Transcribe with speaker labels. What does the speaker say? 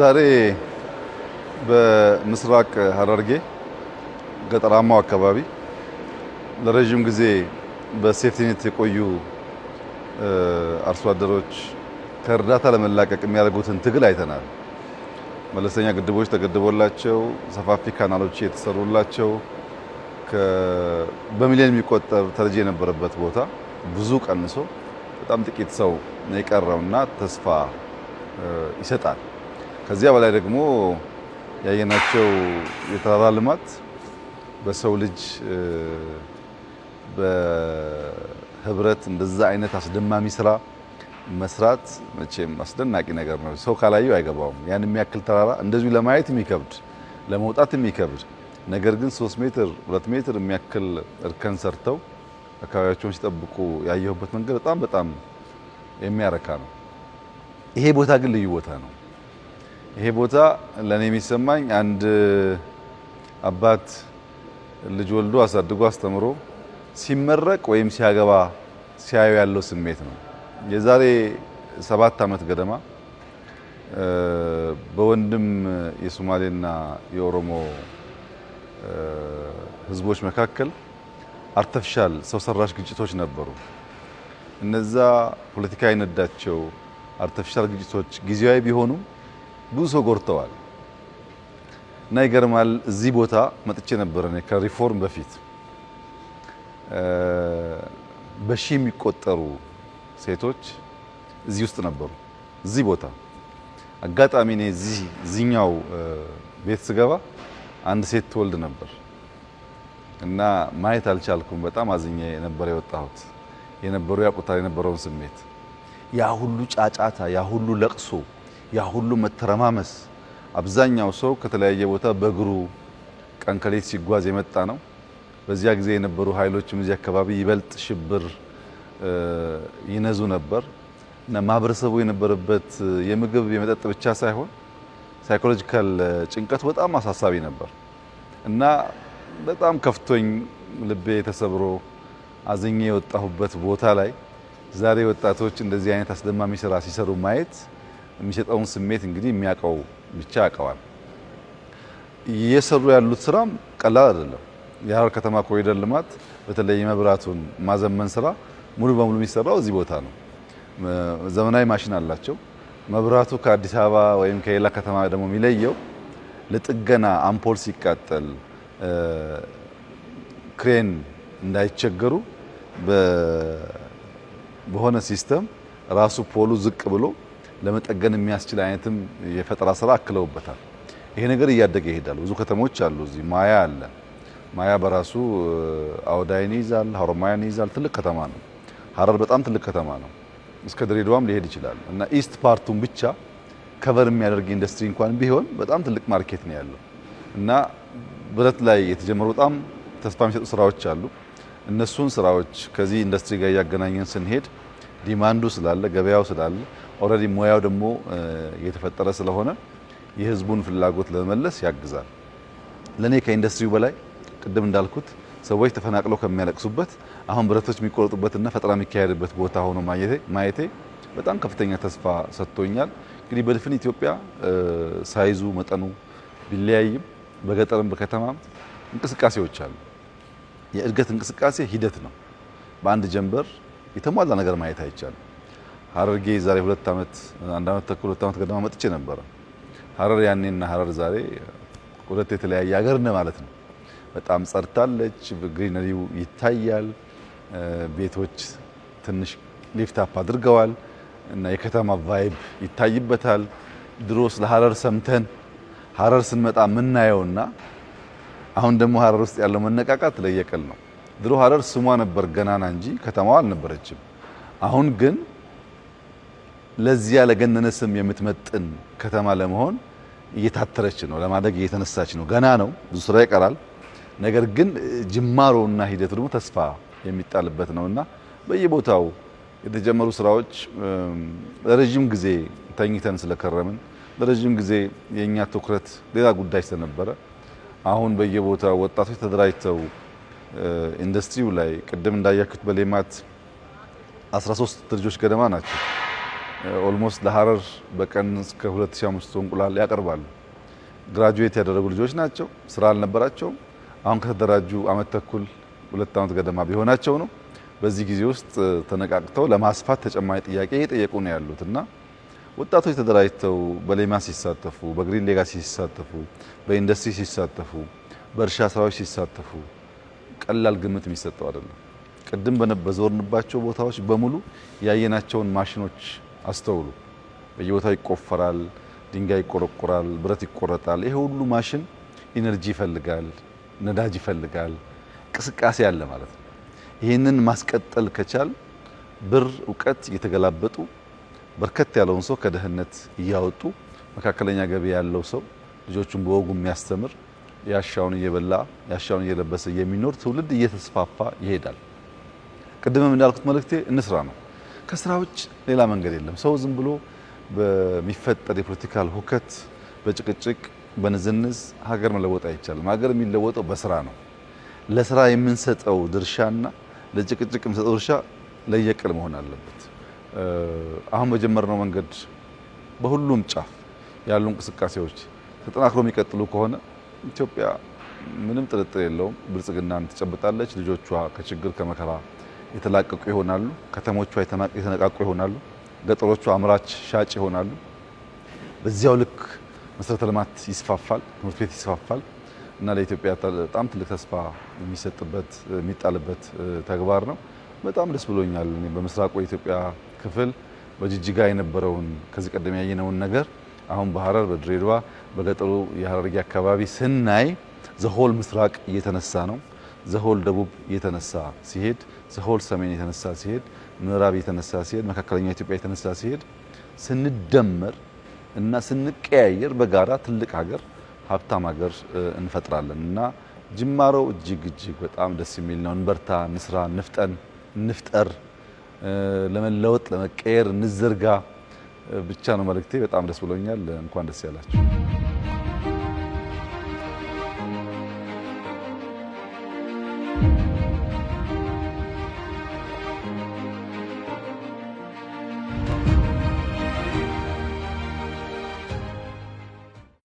Speaker 1: ዛሬ በምስራቅ ሐረርጌ ገጠራማው አካባቢ ለረዥም ጊዜ በሴፍቲኔት የቆዩ አርሶ አደሮች ከእርዳታ ለመላቀቅ የሚያደርጉትን ትግል አይተናል። መለስተኛ ግድቦች ተገድቦላቸው ሰፋፊ ካናሎች የተሰሩላቸው በሚሊዮን የሚቆጠር ተረጂ የነበረበት ቦታ ብዙ ቀንሶ በጣም ጥቂት ሰው የቀረውና ተስፋ ይሰጣል። ከዚያ በላይ ደግሞ ያየናቸው የተራራ ልማት በሰው ልጅ በህብረት እንደዛ አይነት አስደማሚ ስራ መስራት መቼም አስደናቂ ነገር ነው። ሰው ካላየው አይገባውም። ያን የሚያክል ተራራ እንደዚሁ ለማየት የሚከብድ ለመውጣት የሚከብድ ነገር ግን ሶስት ሜትር ሁለት ሜትር የሚያክል እርከን ሰርተው አካባቢያቸውን ሲጠብቁ ያየሁበት መንገድ በጣም በጣም የሚያረካ ነው። ይሄ ቦታ ግን ልዩ ቦታ ነው። ይሄ ቦታ ለእኔ የሚሰማኝ አንድ አባት ልጅ ወልዶ አሳድጎ አስተምሮ ሲመረቅ ወይም ሲያገባ ሲያዩ ያለው ስሜት ነው። የዛሬ ሰባት ዓመት ገደማ በወንድም የሶማሌና የኦሮሞ ህዝቦች መካከል አርተፍሻል ሰው ሰራሽ ግጭቶች ነበሩ። እነዛ ፖለቲካ የነዳቸው አርተፍሻል ግጭቶች ጊዜያዊ ቢሆኑም ብዙ ሰው ጎርተዋል። እና ይገርማል እዚህ ቦታ መጥቼ ነበር እኔ ከሪፎርም በፊት በሺ የሚቆጠሩ ሴቶች እዚህ ውስጥ ነበሩ። እዚህ ቦታ አጋጣሚ እኔ እዚህ እዚህኛው ቤት ስገባ አንድ ሴት ትወልድ ነበር እና ማየት አልቻልኩም። በጣም አዝኜ ነበር የወጣሁት። የነበሩ ያውቁታል የነበረውን ስሜት ያ ሁሉ ጫጫታ ያ ሁሉ ለቅሶ ያ ሁሉ መተረማመስ አብዛኛው ሰው ከተለያየ ቦታ በእግሩ ቀንከሌት ሲጓዝ የመጣ ነው። በዚያ ጊዜ የነበሩ ኃይሎችም እዚህ አካባቢ ይበልጥ ሽብር ይነዙ ነበር እና ማህበረሰቡ የነበረበት የምግብ የመጠጥ ብቻ ሳይሆን ሳይኮሎጂካል ጭንቀት በጣም አሳሳቢ ነበር እና በጣም ከፍቶኝ ልቤ ተሰብሮ አዝኜ የወጣሁበት ቦታ ላይ ዛሬ ወጣቶች እንደዚህ አይነት አስደማሚ ስራ ሲሰሩ ማየት የሚሰጠውን ስሜት እንግዲህ የሚያውቀው ብቻ ያውቀዋል። እየሰሩ ያሉት ስራም ቀላል አይደለም። የሀረር ከተማ ኮሪደር ልማት በተለይ የመብራቱን ማዘመን ስራ ሙሉ በሙሉ የሚሰራው እዚህ ቦታ ነው። ዘመናዊ ማሽን አላቸው። መብራቱ ከአዲስ አበባ ወይም ከሌላ ከተማ ደግሞ የሚለየው ለጥገና አምፖል ሲቃጠል ክሬን እንዳይቸገሩ በሆነ ሲስተም ራሱ ፖሉ ዝቅ ብሎ ለመጠገን የሚያስችል አይነትም የፈጠራ ስራ አክለውበታል። ይሄ ነገር እያደገ ይሄዳል። ብዙ ከተሞች አሉ። እዚህ ማያ አለ። ማያ በራሱ አውዳይን ይዛል፣ ሀሮማያን ይዛል። ትልቅ ከተማ ነው። ሀረር በጣም ትልቅ ከተማ ነው። እስከ ድሬዳዋም ሊሄድ ይችላል እና ኢስት ፓርቱን ብቻ ከቨር የሚያደርግ ኢንዱስትሪ እንኳን ቢሆን በጣም ትልቅ ማርኬት ነው ያለው እና ብረት ላይ የተጀመሩ በጣም ተስፋ የሚሰጡ ስራዎች አሉ። እነሱን ስራዎች ከዚህ ኢንዱስትሪ ጋር እያገናኘን ስንሄድ ዲማንዱ ስላለ ገበያው ስላለ ኦልሬዲ ሙያው ደግሞ የተፈጠረ ስለሆነ የህዝቡን ፍላጎት ለመመለስ ያግዛል። ለእኔ ከኢንዱስትሪው በላይ ቅድም እንዳልኩት ሰዎች ተፈናቅለው ከሚያለቅሱበት አሁን ብረቶች የሚቆረጡበትና ፈጠራ የሚካሄድበት ቦታ ሆኖ ማየቴ በጣም ከፍተኛ ተስፋ ሰጥቶኛል። እንግዲህ በድፍን ኢትዮጵያ ሳይዙ መጠኑ ቢለያይም በገጠርም በከተማም እንቅስቃሴዎች አሉ። የእድገት እንቅስቃሴ ሂደት ነው። በአንድ ጀንበር የተሟላ ነገር ማየት አይቻልም። ሀረርጌ ዛሬ ሁለት ዓመት አንድ ዓመት ተኩል ሁለት ዓመት ገደማ መጥቼ ነበረ። ሀረር ያኔና ሀረር ዛሬ ሁለት የተለያየ ሀገር ነ ማለት ነው። በጣም ጸድታለች፣ ግሪነሪው ይታያል፣ ቤቶች ትንሽ ሊፍት አድርገዋል እና የከተማ ቫይብ ይታይበታል። ድሮ ስለ ሀረር ሰምተን ሀረር ስንመጣ የምናየውና አሁን ደግሞ ሀረር ውስጥ ያለው መነቃቃት ለየቀል ነው። ድሮ ሀረር ስሟ ነበር ገናና እንጂ ከተማዋ አልነበረችም። አሁን ግን ለዚያ ለገነነ ስም የምትመጥን ከተማ ለመሆን እየታተረች ነው፣ ለማደግ እየተነሳች ነው። ገና ነው፣ ብዙ ስራ ይቀራል። ነገር ግን ጅማሮና ሂደቱ ደግሞ ተስፋ የሚጣልበት ነውና በየቦታው የተጀመሩ ስራዎች ለረዥም ጊዜ ተኝተን ስለከረምን ለረዥም ጊዜ የእኛ ትኩረት ሌላ ጉዳይ ስለነበረ አሁን በየቦታው ወጣቶች ተደራጅተው ኢንዱስትሪው ላይ ቅድም እንዳያችሁት በሌማት 13 ድርጅቶች ገደማ ናቸው። ኦልሞስት ለሀረር በቀን እስከ 2500 እንቁላል ያቀርባሉ። ግራጁዌት ያደረጉ ልጆች ናቸው። ስራ አልነበራቸውም። አሁን ከተደራጁ አመት ተኩል ሁለት አመት ገደማ ቢሆናቸው ነው። በዚህ ጊዜ ውስጥ ተነቃቅተው ለማስፋት ተጨማሪ ጥያቄ እየጠየቁ ነው ያሉት እና ወጣቶች ተደራጅተው በሌማት ሲሳተፉ፣ በግሪን ሌጋሲ ሲሳተፉ፣ በኢንዱስትሪ ሲሳተፉ፣ በእርሻ ስራዎች ሲሳተፉ ቀላል ግምት የሚሰጠው አይደለም። ቅድም በዞርንባቸው ቦታዎች በሙሉ ያየናቸውን ማሽኖች አስተውሉ። በየቦታው ይቆፈራል፣ ድንጋይ ይቆረቆራል፣ ብረት ይቆረጣል። ይሄ ሁሉ ማሽን ኢነርጂ ይፈልጋል፣ ነዳጅ ይፈልጋል፣ እንቅስቃሴ አለ ማለት ነው። ይህንን ማስቀጠል ከቻል ብር፣ እውቀት እየተገላበጡ በርከት ያለውን ሰው ከደህንነት እያወጡ መካከለኛ ገቢ ያለው ሰው ልጆቹን በወጉ የሚያስተምር ያሻውን እየበላ ያሻውን እየለበሰ የሚኖር ትውልድ እየተስፋፋ ይሄዳል። ቅድምም እንዳልኩት መልእክቴ እንስራ ነው። ከስራ ውጭ ሌላ መንገድ የለም። ሰው ዝም ብሎ በሚፈጠር የፖለቲካል ሁከት፣ በጭቅጭቅ፣ በንዝንዝ ሀገር መለወጥ አይቻልም። ሀገር የሚለወጠው በስራ ነው። ለስራ የምንሰጠው ድርሻና ለጭቅጭቅ የምንሰጠው ድርሻ ለየቅል መሆን አለበት። አሁን በጀመርነው መንገድ በሁሉም ጫፍ ያሉ እንቅስቃሴዎች ተጠናክሮ የሚቀጥሉ ከሆነ ኢትዮጵያ ምንም ጥርጥር የለውም ብልጽግናን ትጨብጣለች። ልጆቿ ከችግር ከመከራ የተላቀቁ ይሆናሉ። ከተሞቿ የተነቃቁ ይሆናሉ። ገጠሮቿ አምራች ሻጭ ይሆናሉ። በዚያው ልክ መሰረተ ልማት ይስፋፋል፣ ትምህርት ቤት ይስፋፋል እና ለኢትዮጵያ በጣም ትልቅ ተስፋ የሚሰጥበት የሚጣልበት ተግባር ነው። በጣም ደስ ብሎኛል። በምስራቁ የኢትዮጵያ ክፍል በጅጅጋ የነበረውን ከዚህ ቀደም ያየነውን ነገር አሁን በሀረር በድሬዳዋ በገጠሩ የሀረርጌ አካባቢ ስናይ ዘሆል ምስራቅ እየተነሳ ነው። ዘሆል ደቡብ እየተነሳ ሲሄድ፣ ዘሆል ሰሜን የተነሳ ሲሄድ፣ ምዕራብ የተነሳ ሲሄድ፣ መካከለኛ ኢትዮጵያ የተነሳ ሲሄድ ስንደመር እና ስንቀያየር በጋራ ትልቅ ሀገር ሀብታም ሀገር እንፈጥራለን እና ጅማሮው እጅግ እጅግ በጣም ደስ የሚል ነው። እንበርታ፣ ንስራ፣ ንፍጠን፣ ንፍጠር ለመለወጥ ለመቀየር እንዘርጋ። ብቻ ነው መልእክቴ። በጣም ደስ ብሎኛል። እንኳን ደስ ያላችሁ።